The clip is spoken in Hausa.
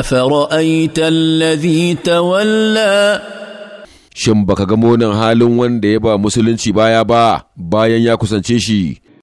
أفرأيت ta walla. Shin baka ga munin halin wanda ya ba musulunci baya ba bayan ya kusance shi